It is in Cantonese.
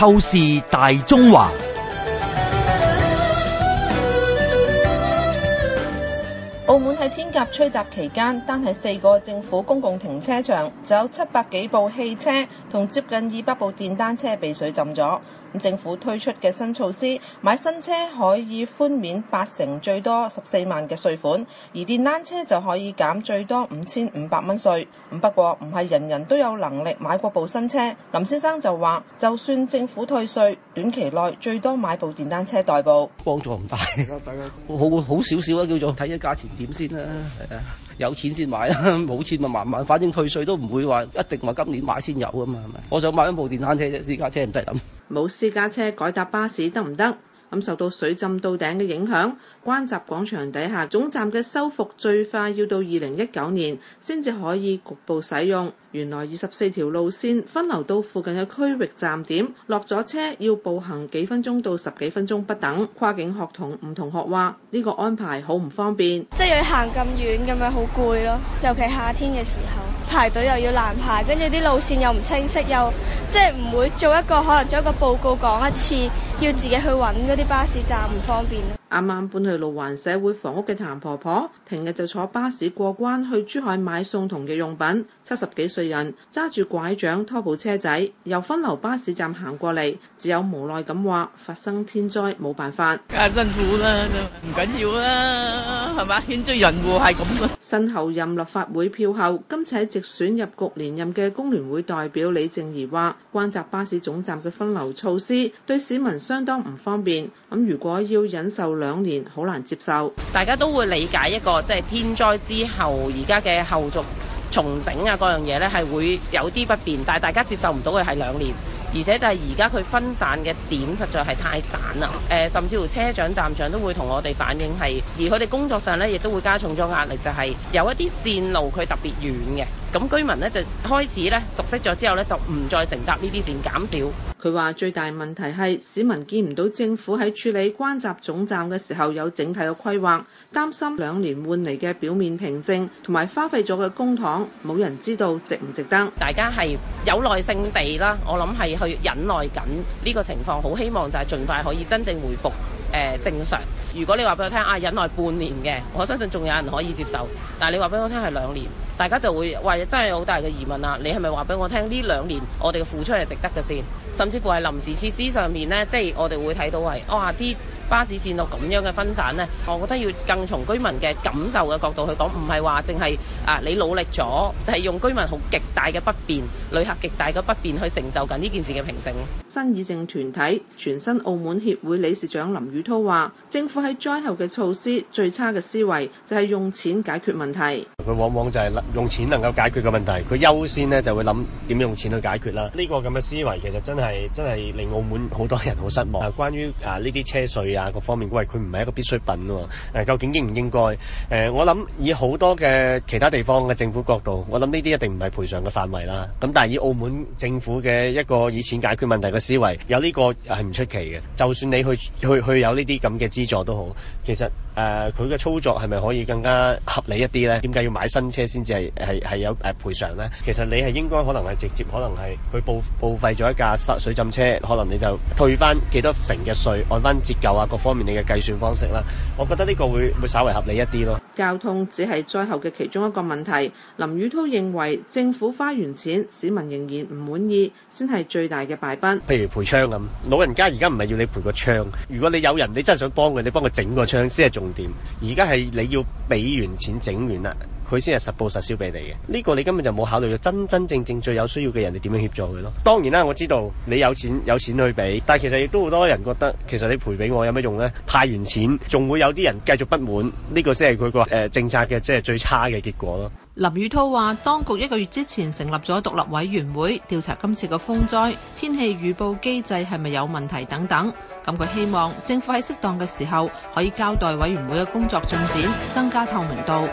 透視大中華。喺天鴿吹襲期間，單係四個政府公共停車場就有七百幾部汽車同接近二百部電單車被水浸咗。政府推出嘅新措施，買新車可以寬免八成，最多十四萬嘅稅款，而電單車就可以減最多五千五百蚊稅。不過唔係人人都有能力買過部新車。林先生就話，就算政府退稅，短期內最多買部電單車代步，幫助唔大，大好好少少啊，叫做睇下價錢點先。啊，有錢先買啊，冇錢咪慢慢，反正退稅都唔會話一定話今年買先有啊嘛，係咪？我想買一部電單車啫，私家車唔得諗。冇私家車改搭巴士得唔得？咁受到水浸到頂嘅影響，關閘廣場底下總站嘅修復最快要到二零一九年先至可以局部使用。原來二十四條路線分流到附近嘅區域站點，落咗車要步行幾分鐘到十幾分鐘不等。跨境學童唔同學話：呢個安排好唔方便，即係要行咁遠，咁樣好攰咯。尤其夏天嘅時候，排隊又要難排，跟住啲路線又唔清晰，又即係唔會做一個可能做一個報告講一次。要自己去揾嗰啲巴士站，唔方便。啱啱搬去路環社會房屋嘅譚婆婆，平日就坐巴士過關去珠海買餸同日用品。七十幾歲人揸住拐杖拖部車仔，由分流巴士站行過嚟，只有無奈咁話：發生天災冇辦法，梗係辛苦啦，唔緊要啦，係嘛？天災人禍係咁。身后任立法會票後，今次喺直選入局連任嘅工聯會代表李靜儀話：關閘巴士總站嘅分流措施對市民相當唔方便。咁如果要忍受，兩年好難接受，大家都會理解一個即係天災之後而家嘅後續重整啊，各樣嘢咧係會有啲不便，但係大家接受唔到嘅係兩年。而且就係而家佢分散嘅點實在係太散啦，誒甚至乎車長站長都會同我哋反映係，而佢哋工作上咧亦都會加重咗壓力，就係有一啲線路佢特別遠嘅，咁居民咧就開始咧熟悉咗之後咧就唔再乘搭呢啲線減少。佢話最大問題係市民見唔到政府喺處理關閘總站嘅時候有整體嘅規劃，擔心兩年換嚟嘅表面平靜同埋花費咗嘅公帑冇人知道值唔值得。大家係有耐性地啦，我諗係。佢忍耐緊呢個情況，好希望就係盡快可以真正回復誒、呃、正常。如果你話俾我聽啊，忍耐半年嘅，我相信仲有人可以接受。但係你話俾我聽係兩年。大家就會話真係好大嘅疑問啦，啊，你係咪話俾我聽呢兩年我哋嘅付出係值得嘅先？甚至乎係臨時設施上面呢，即係我哋會睇到係，哇啲巴士線路咁樣嘅分散呢，我覺得要更從居民嘅感受嘅角度去講，唔係話淨係啊你努力咗就係、是、用居民好極大嘅不便，旅客極大嘅不便去成就緊呢件事嘅平靜。新議政團體全新澳門協會理事長林宇滔話：政府喺災後嘅措施最差嘅思維就係、是、用錢解決問題。佢往往就係、是用錢能夠解決嘅問題，佢優先咧就會諗點用錢去解決啦。呢、這個咁嘅思維其實真係真係令澳門好多人好失望。啊、關於啊呢啲車稅啊各方面，喂，佢唔係一個必需品喎、啊啊。究竟應唔應該？誒、呃，我諗以好多嘅其他地方嘅政府角度，我諗呢啲一定唔係賠償嘅範圍啦。咁但係以澳門政府嘅一個以錢解決問題嘅思維，有呢個係唔出奇嘅。就算你去去去有呢啲咁嘅資助都好，其實誒佢嘅操作係咪可以更加合理一啲咧？點解要買新車先至係？係係係有誒賠償咧，其實你係應該可能係直接可能係去報報廢咗一架濕水浸車，可能你就退翻幾多成嘅稅，按翻折舊啊各方面你嘅計算方式啦，我覺得呢個會會稍微合理一啲咯。交通只係災後嘅其中一個問題。林宇濤認為政府花完錢，市民仍然唔滿意，先係最大嘅敗筆。譬如賠窗咁，老人家而家唔係要你賠個窗。如果你有人，你真係想幫佢，你幫佢整個窗先係重點。而家係你要俾完錢整完啦，佢先係實報實銷俾你嘅。呢個你根本就冇考慮到，真真正正最有需要嘅人你點樣協助佢咯。當然啦，我知道你有錢有錢去俾，但係其實亦都好多人覺得，其實你賠俾我有咩用呢？派完錢仲會有啲人繼續不滿，呢個先係佢話。誒政策嘅即係最差嘅結果咯。林宇滔話，當局一個月之前成立咗獨立委員會調查今次嘅風災，天氣預報機制係咪有問題等等。咁佢希望政府喺適當嘅時候可以交代委員會嘅工作進展，增加透明度。